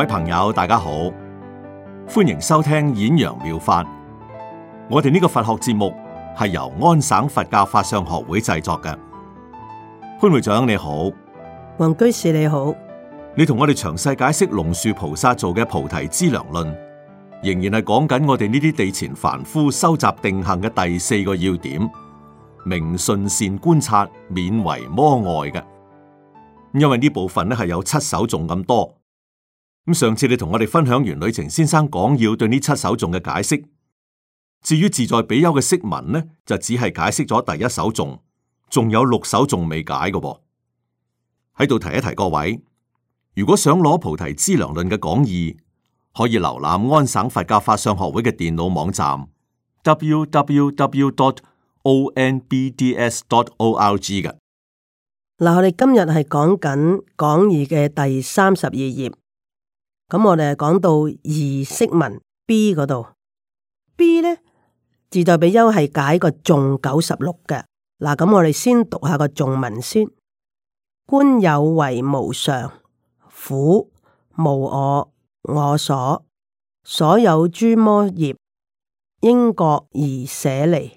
各位朋友，大家好，歡迎收聽演揚妙,妙法。我哋呢個佛學節目係由安省佛教法相學會製作嘅。潘會長你好，黃居士你好，你同我哋詳細解釋龍樹菩薩做嘅《菩提資糧論》，仍然係講緊我哋呢啲地前凡夫收集定行嘅第四個要點：明信善觀察，免為魔外嘅。因為呢部分咧係有七首，仲咁多。咁上次你同我哋分享完旅程先生講要對呢七首頌嘅解釋，至於自在比丘嘅釋文呢，就只係解釋咗第一首頌，仲有六首仲未解嘅。喺度提一提各位，如果想攞菩提資糧論嘅講義，可以瀏覽安省佛教法相學會嘅電腦網站 w w w. dot o n b d s. dot o r g 嘅。嗱，我哋今日係講緊講義嘅第三十二頁。咁我哋係講到二釋文 B 嗰度，B 呢自在比丘係解個眾九十六嘅。嗱，咁我哋先讀下個眾文先。觀有為無常，苦無我我所，所有諸魔業應覺而捨離。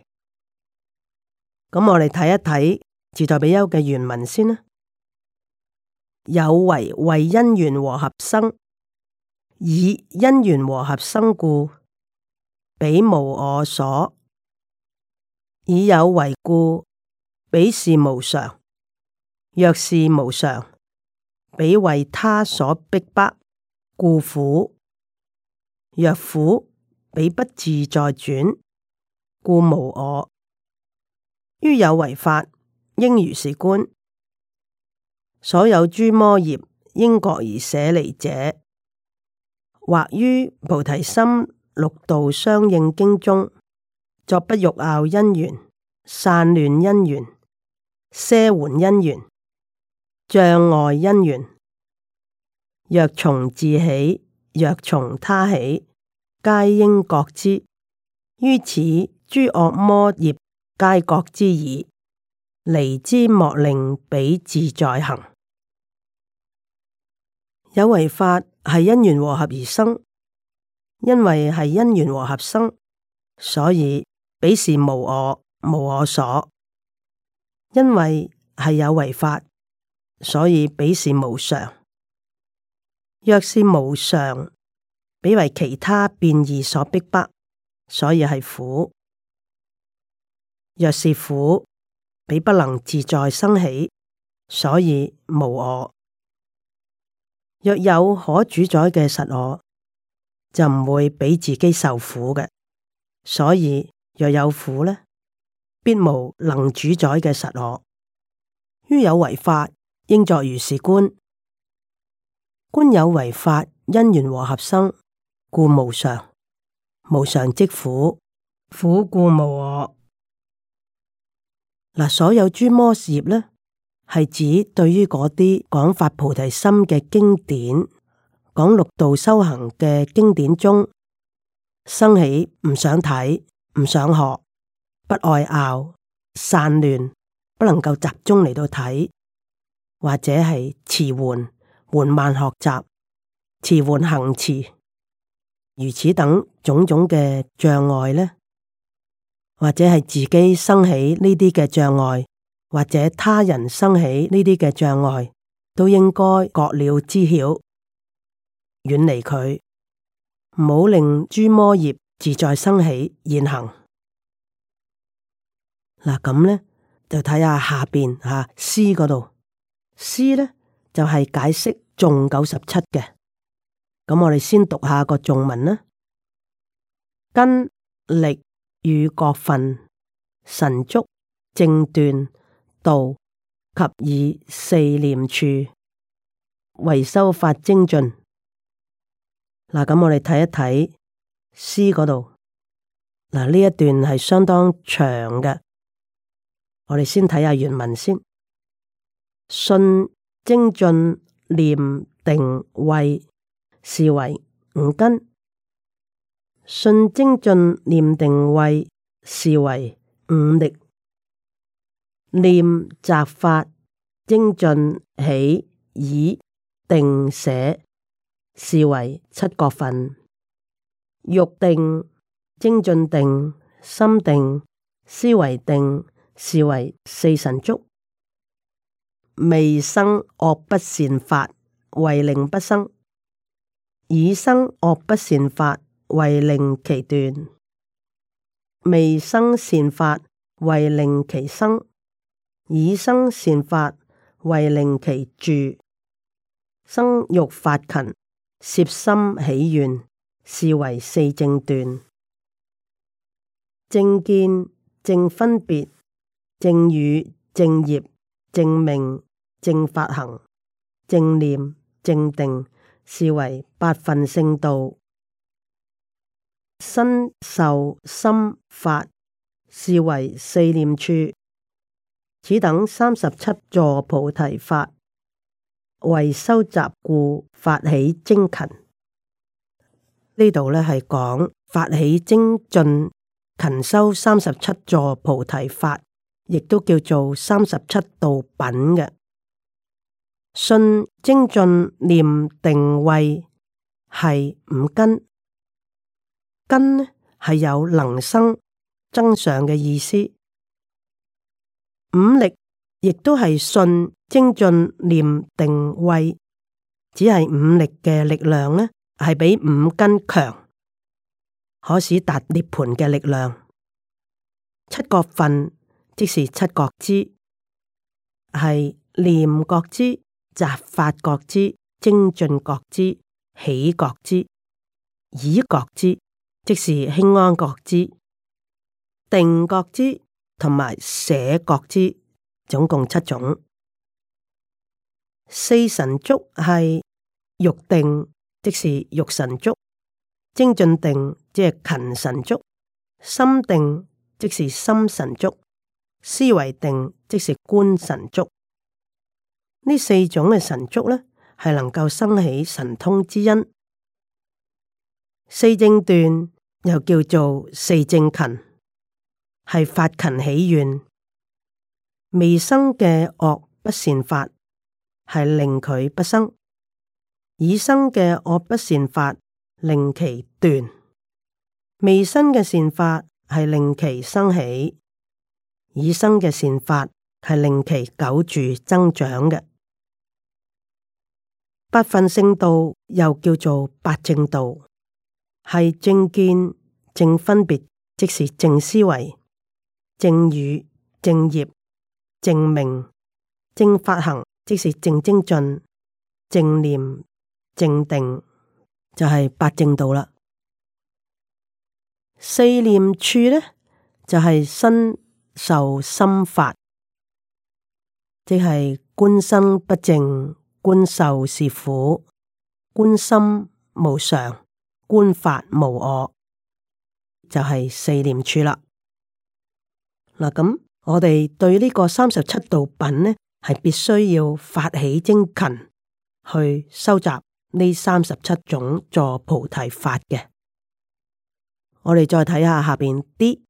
咁我哋睇一睇自在比丘嘅原文先啦。有為為因緣和合生。以因緣和合生故，彼無我所；以有為故，彼是無常。若是無常，彼為他所逼迫故苦；若苦，彼不自在轉，故無我。于有為法，應如是觀。所有諸魔業，應覺而捨離者。或於菩提心六道相應經中作不欲拗因緣、散亂因緣、奢緩因緣、障礙因緣，若從自起，若從他起，皆應覺之。於此諸惡魔業皆，皆覺之矣。離之莫令彼自在行。有為法係因緣和合而生，因為係因緣和合生，所以彼是無我無我所。因為係有為法，所以彼是無常。若是無常，彼為其他變異所逼迫迫，所以係苦。若是苦，彼不能自在生起，所以無我。若有可主宰嘅實我，就唔會畀自己受苦嘅。所以若有苦呢，必無能主宰嘅實我。於有為法，應作如是觀。觀有為法，因緣和合生，故無常。無常即苦，苦故無我。嗱，所有諸魔事業呢，係指對於嗰啲講發菩提心嘅經典、講六度修行嘅經典中，生起唔想睇、唔想學、不愛拗、散亂，不能夠集中嚟到睇，或者係遲緩、緩慢學習、遲緩行持，如此等種種嘅障礙呢，或者係自己生起呢啲嘅障礙。或者他人生起呢啲嘅障礙，都應該覺了知曉，遠離佢，唔好令諸魔業自在生起現行。嗱咁咧，就睇下下邊啊，詩嗰度，詩咧就係、是、解釋頌九十七嘅。咁、嗯、我哋先讀下個頌文啦，根力與覺分神足正斷。道、及以四念處為修法精進。嗱，咁我哋睇一睇詩嗰度，嗱，呢一段係相當長嘅，我哋先睇下原文先。信精進念定慧，是為五根。信精進念定慧，是為五力。念擇法精進喜以定捨，是為七覺分。欲定、精進定、心定、思惟定，是為四神足。未生惡不善法為令不生，已生惡不善法為令其斷，未生善法為令其生，以生善法，為令其住生欲發勤攝心起願，是為四正斷。正見、正分別、正語、正業、正命、正法行、正念、正定，是為八分聖道。身受心法，是為四念處。此等三十七座菩提法為收集故發起精勤，呢度咧係講發起精進勤修三十七座菩提法，亦都叫做三十七道品嘅。信精進念定慧係五根，根呢係有能生增上嘅意思。五力亦都係信精進念定慧，只係五力嘅力量呢係比五根強，可使達涅槃嘅力量。七覺分即是七覺支，係念覺支、雜法覺支、精進覺支、喜覺支、依覺支，即是輕安覺支、定覺支。同埋捨覺支，總共七種。四神足係欲定，即是欲神足；精進定即係勤神足；心定即是心神足；思維定即是觀神足。呢四種嘅神足咧，係能夠生起神通之因。四正斷又叫做四正勤。係發勤起願，未生嘅惡不善法，係令佢不生；已生嘅惡不善法，令其斷。未生嘅善法係令其生起，已生嘅善法係令其久住增長嘅。八分聖道又叫做八正道，係正見、正分別，即是正思維。正語、正業、正命、正法行，即是正精進、正念、正定，就係、是、八正道啦。四念處呢，就係、是、身受心法，即、就、係、是、觀身不淨，觀受是苦，觀心無常，觀法無我，就係、是、四念處啦。嗱，咁我哋對呢個三十七道品呢，係必須要發起精勤去收集呢三十七種助菩提法嘅。我哋再睇下下邊啲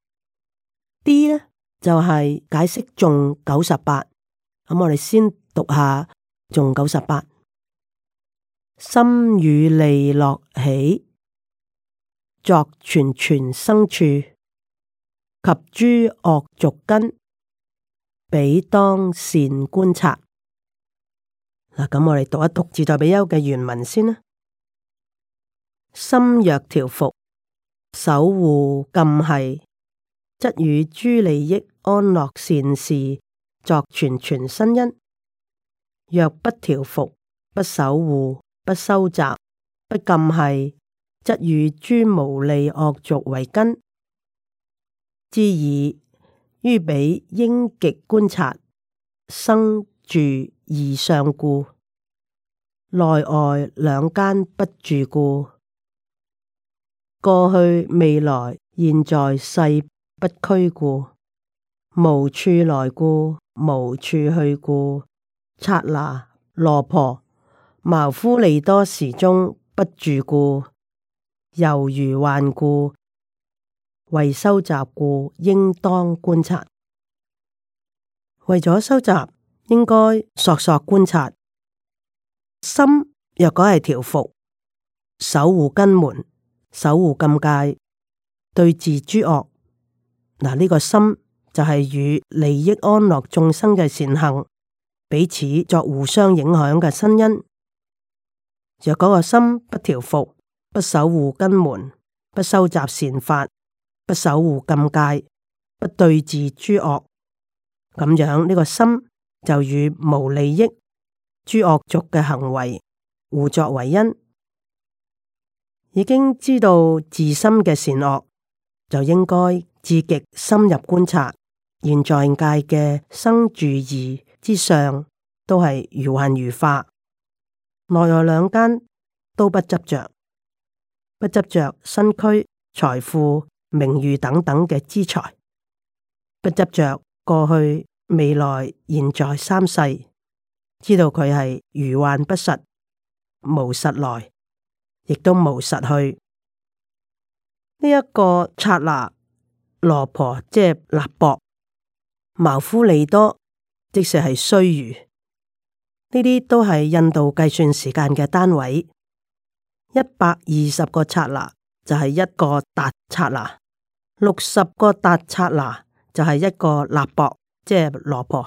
啲咧，就係、是、解釋重九十八。咁我哋先讀下重九十八，心與利落起，作存存生處。及諸惡俗根，彼當善觀察，嗱。咁我哋讀一讀自在比丘嘅原文先啦。心若調伏，守護禁繫，則與諸利益安樂善事作全全新因；若不調伏，不守護，不收集，不禁繫，則與諸無利惡俗為根。之矣，於彼應極觀察生住而上故，內外兩間不住故，過去未來現在世不拘故，無處來故，無處去故，剎那羅婆，茅夫利多時中不住故，猶如幻故。為收集故，應當觀察。為咗收集，應該索索觀察。心若果係調伏，守護根門，守護禁戒，對治諸惡。嗱，呢個心就係與利益安樂眾生嘅善行，彼此作互相影響嘅身因。若果個心不調伏，不守護根門，不收集善法。不守護禁戒，不對治諸惡，咁樣呢、這個心就與無利益諸惡俗嘅行為互作為因。已經知道自心嘅善惡，就應該積極深入觀察。現在界嘅生住異之相，都係如幻如化，內外兩間都不執着，不執着身軀財富，名譽等等嘅資財，不執着過去、未來、現在三世，知道佢係如幻不實，無實來，亦都無實去。呢、這、一個剎那、羅婆即臘縛，牟呼栗多，即是係須臾。呢啲都係印度計算時間嘅單位，一百二十個剎那就係一個怛剎那。六十個達剎那就係一個立博，即係羅婆；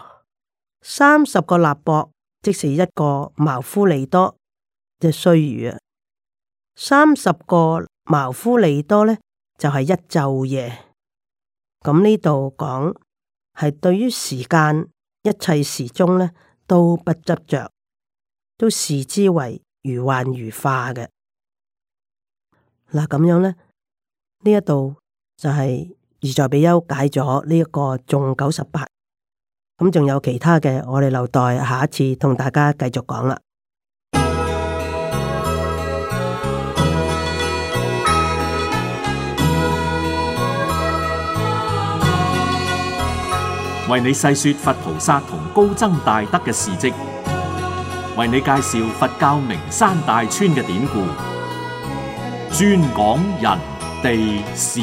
三十個立博即是一個茅夫利多，即係須臾啊！三十個茅夫利多呢，就係、是、一晝夜。咁呢度講係對於時間一切時鐘呢，都不執着，都視之為如幻如化嘅。嗱，咁樣呢，呢一度。就係而在比丘解咗呢一個重九十八，咁仲有其他嘅，我哋留待下一次同大家繼續講啦。為你細說佛菩薩同高僧大德嘅事蹟，為你介紹佛教名山大川嘅典故，專講人。地師，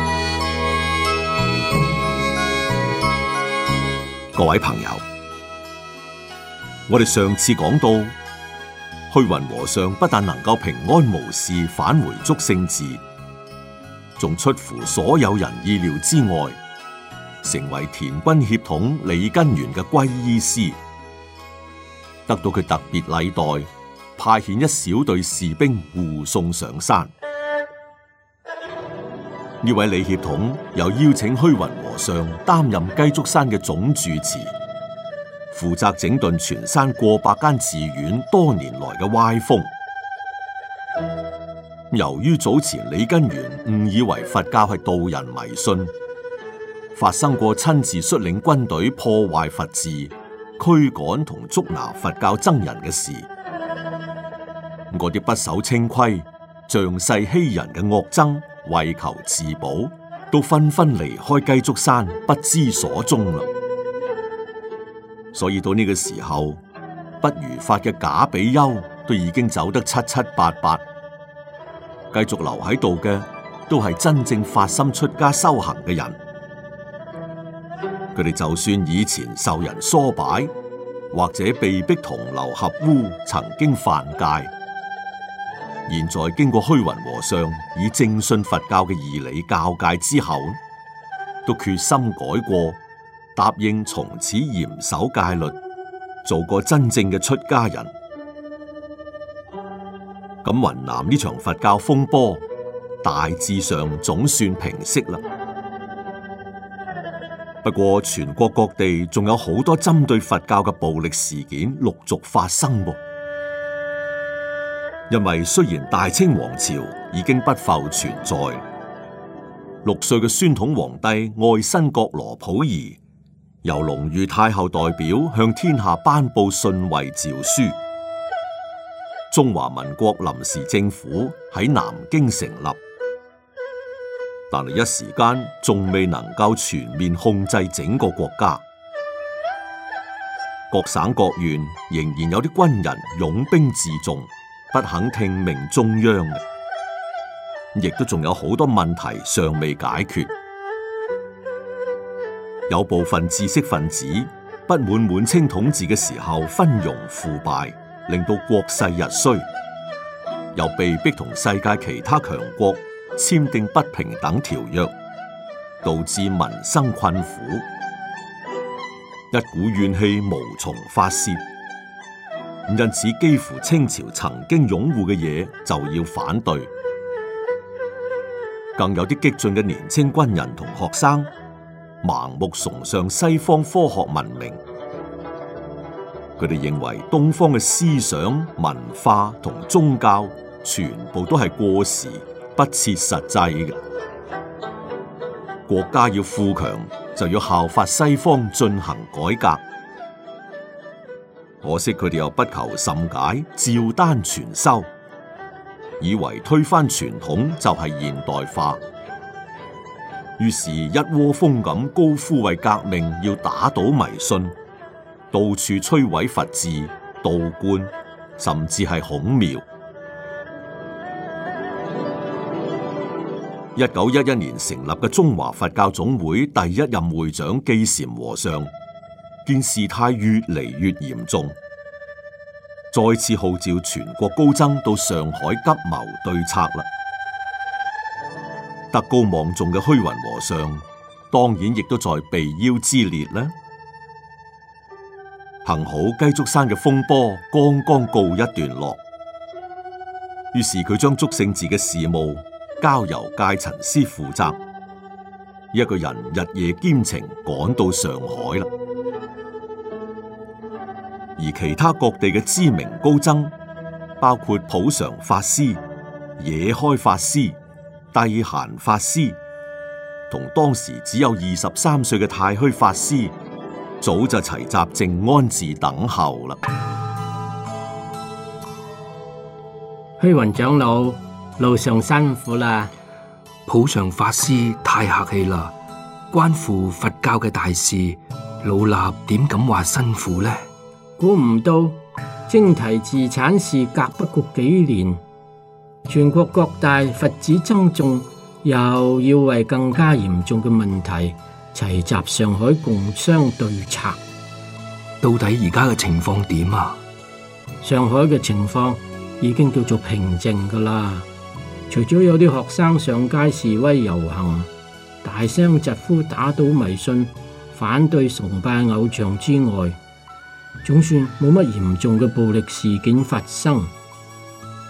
各位朋友，我哋上次講到，虛雲和尚不但能夠平安無事返回祝聖寺，仲出乎所有人意料之外，成為田軍協統李根源嘅皈依師。得到佢特別禮待，派遣一小隊士兵護送上山。呢位李協統又邀請虛雲和尚擔任雞足山嘅總住持，負責整頓全山過百間寺院多年來嘅歪風。由於早前李根源誤以為佛教係道人迷信，發生過親自率領軍隊破壞佛寺。驅趕同捉拿佛教僧人嘅事，嗰啲不守清規、仗勢欺人嘅惡僧，為求自保，都紛紛離開雞足山，不知所蹤啦。所以到呢個時候，不如法嘅假比丘都已經走得七七八八，繼續留喺度嘅，都係真正發心出家修行嘅人。佢哋就算以前受人唆擺，或者被逼同流合污，曾經犯戒，現在經過虛雲和尚以正信佛教嘅義理教戒之後，都決心改過，答應從此嚴守戒律，做個真正嘅出家人。咁雲南呢場佛教風波大致上總算平息啦。不過全國各地仲有好多針對佛教嘅暴力事件陸續發生，因為雖然大清王朝已經不復存在，六歲嘅宣統皇帝愛新覺羅溥儀由隆裕太后代表向天下頒布遜位詔書，中華民國臨時政府喺南京成立。但係一時間仲未能夠全面控制整個國家，各省各縣仍然有啲軍人擁兵自重，不肯聽命中央，亦都仲有好多問題尚未解決。有部分知識分子不滿滿清統治嘅時候昏庸腐敗，令到國勢日衰，又被逼同世界其他強國。簽訂不平等條約，導致民生困苦，一股怨氣無從發洩。因此，幾乎清朝曾經擁護嘅嘢就要反對。更有啲激進嘅年青軍人同學生，盲目崇尚西方科學文明。佢哋認為東方嘅思想、文化同宗教全部都係過時。不切實際嘅，國家要富強，就要效法西方進行改革。可惜佢哋又不求甚解，照單全收，以為推翻傳統就係現代化。於是，一窩蜂咁高呼為革命，要打倒迷信，到處摧毀佛寺、道觀，甚至係孔廟。一九一一年成立嘅中華佛教總會第一任會長基禪和尚，見事態越嚟越嚴重，再次號召全國高僧到上海急謀對策啦。德高望重嘅虛雲和尚，當然亦都在被邀之列呢。幸好雞足山嘅風波剛剛告一段落，於是佢將祝聖寺嘅事務，交由戒塵師負責，一個人日夜兼程趕到上海啦。而其他各地嘅知名高僧，包括普常法師、野開法師、帝閑法師，同當時只有二十三歲嘅太虛法師，早就齊集靜安寺等候啦。虛雲長老。路上辛苦啦，普上法師太客氣啦。關乎佛教嘅大事，老衲點敢話辛苦呢？估唔到，徵提自產事隔不過幾年，全國各大佛子僧眾又要為更加嚴重嘅問題齊集上海共商對策。到底而家嘅情況點啊？上海嘅情況已經叫做平靜噶啦。除咗有啲學生上街示威遊行，大聲疾呼打倒迷信、反對崇拜偶像之外，總算冇乜嚴重嘅暴力事件發生。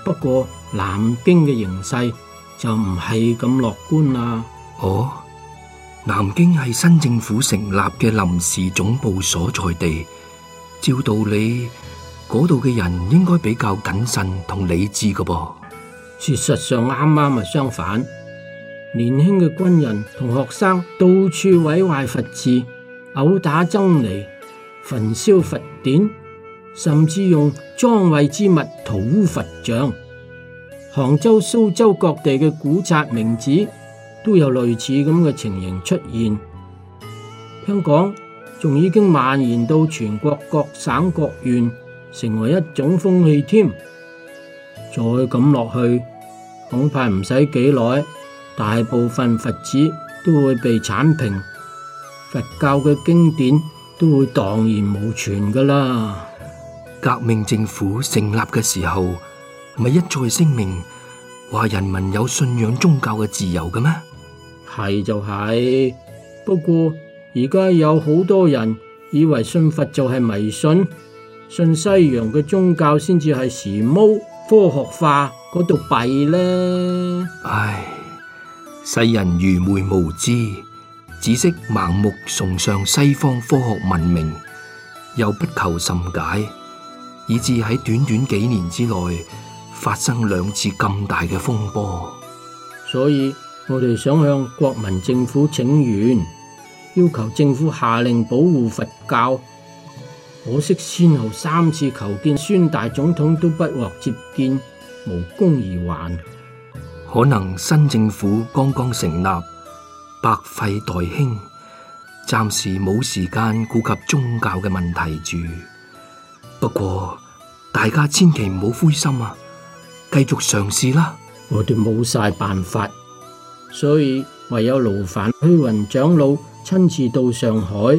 不過南京嘅形勢就唔係咁樂觀啦。哦，南京係新政府成立嘅臨時總部所在地，照道理嗰度嘅人應該比較謹慎同理智㗎噃。事實上啱啱啊相反，年輕嘅軍人同學生到處毀壞佛寺、毆打僧尼、焚燒佛典，甚至用莊位之物塗污佛像。杭州、蘇州各地嘅古刹名寺都有類似咁嘅情形出現。香港仲已經蔓延到全國各省各縣，成為一種風氣添。再咁落去。恐怕唔使幾耐，大部分佛寺都會被鏟平，佛教嘅經典都會蕩然無存噶啦。革命政府成立嘅時候，咪一再聲明話人民有信仰宗教嘅自由嘅咩？係就係、是，不過而家有好多人以為信佛就係迷信，信西洋嘅宗教先至係時髦。科學化嗰度弊啦！唉，世人愚昧無知，只識盲目崇尚西方科學文明，又不求甚解，以致喺短短幾年之內發生兩次咁大嘅風波。所以我哋想向國民政府請願，要求政府下令保護佛教。可惜先後三次求見孫大總統都不獲接見，無功而還。可能新政府剛剛成立，百廢待興，暫時冇時間顧及宗教嘅問題住。不過大家千祈唔好灰心啊，繼續嘗試啦。我哋冇晒辦法，所以唯有勞煩虛雲長老親自到上海。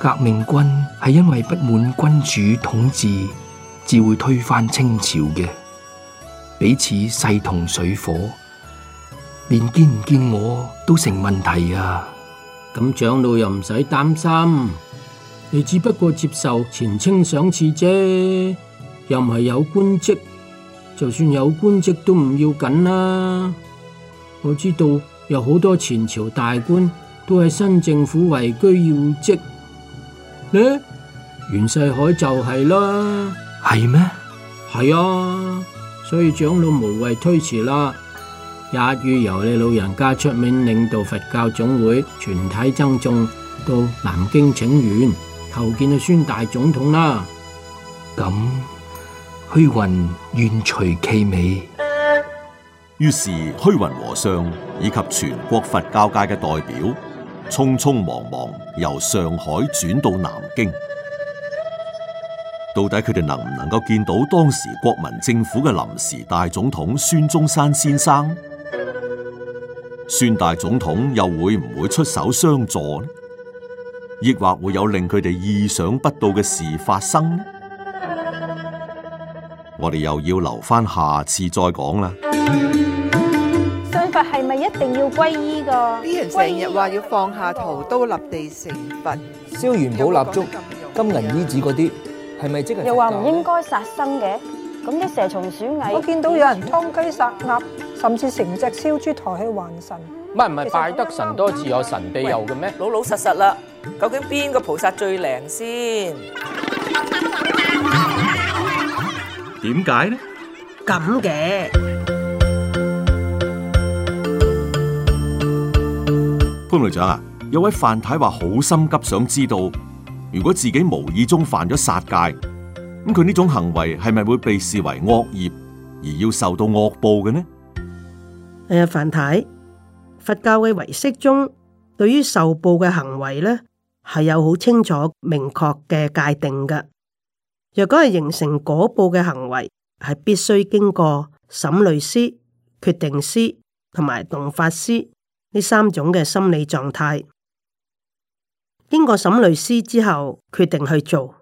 革命軍係因為不滿君主統治，至會推翻清朝嘅。彼此勢同水火，連見唔見我都成問題啊！咁長老又唔使擔心，你只不過接受前清賞賜啫，又唔係有官職。就算有官職都唔要緊啦。我知道有好多前朝大官都係新政府位居要職。呢、欸、袁世凱就係啦，係咩嗎？係啊，所以長老無謂推遲啦，也欲由你老人家出面領導佛教總會全體僧眾到南京請願，求見阿孫大總統啦。咁虛雲願隨其美，於是虛雲和尚以及全國佛教界嘅代表，匆匆忙忙由上海轉到南京，到底佢哋能唔能夠見到當時國民政府嘅臨時大總統孫中山先生？孫大總統又會唔會出手相助呢？抑或會有令佢哋意想不到嘅事發生？我哋又要留翻，下下次再講啦。係咪一定要皈依噶？成日話要放下屠刀立地成佛，燒元寶蠟燭、金銀衣紙嗰啲，係咪即係？又話唔應該殺生嘅，咁啲蛇蟲鼠蟻，我見到有人劏雞殺鴨，甚至成隻燒豬抬去還神。唔係唔係，拜得神多自有神庇佑嘅咩？老老實實啦，究竟邊個菩薩最靈先？點解呢？咁嘅。潘律長啊，有位范太話好心急，想知道如果自己無意中犯咗殺戒，咁佢呢種行為係咪會被視為惡業而要受到惡報嘅呢？誒、哎，范太，佛教嘅唯識中對於受報嘅行為咧，係有好清楚明確嘅界定嘅。若果係形成果報嘅行為，係必須經過審慮思、決定思同埋動發思。呢三種嘅心理狀態，經過審律師之後決定去做，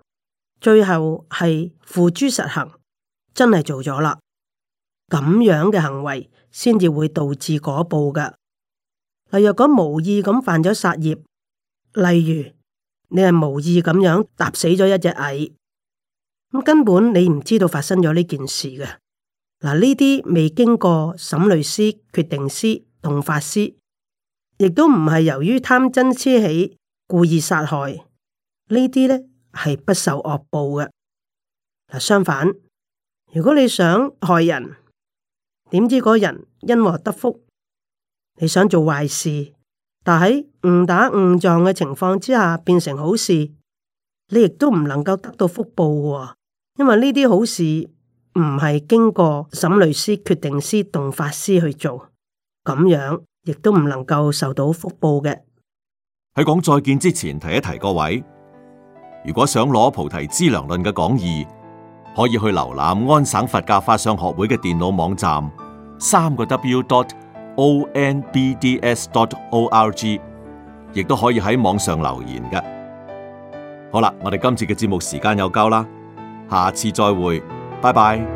最後係付諸實行，真係做咗啦。咁樣嘅行為先至會導致果報嘅。嗱，若果無意咁犯咗殺業，例如你係無意咁樣踏死咗一隻蟻，咁根本你唔知道發生咗呢件事嘅。嗱，呢啲未經過審律師、決定師同法師。亦都唔係由於貪嗔癡起故意殺害呢啲呢，係不受惡報嘅。嗱，相反，如果你想害人，點知嗰人因禍得福，你想做壞事，但喺誤打誤撞嘅情況之下變成好事，你亦都唔能夠得到福報嘅，因為呢啲好事唔係經過審慮思、決定思、動發思去做咁樣。亦都唔能夠受到福報嘅。喺講再見之前，提一提各位，如果想攞《菩提資糧論》嘅講義，可以去瀏覽安省佛教法相學會嘅電腦網站，三個 w dot onbds dot org，亦都可以喺網上留言嘅。好啦，我哋今次嘅節目時間有夠啦，下次再會，拜拜。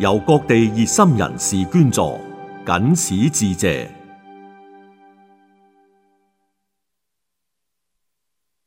由各地熱心人士捐助，謹此致謝。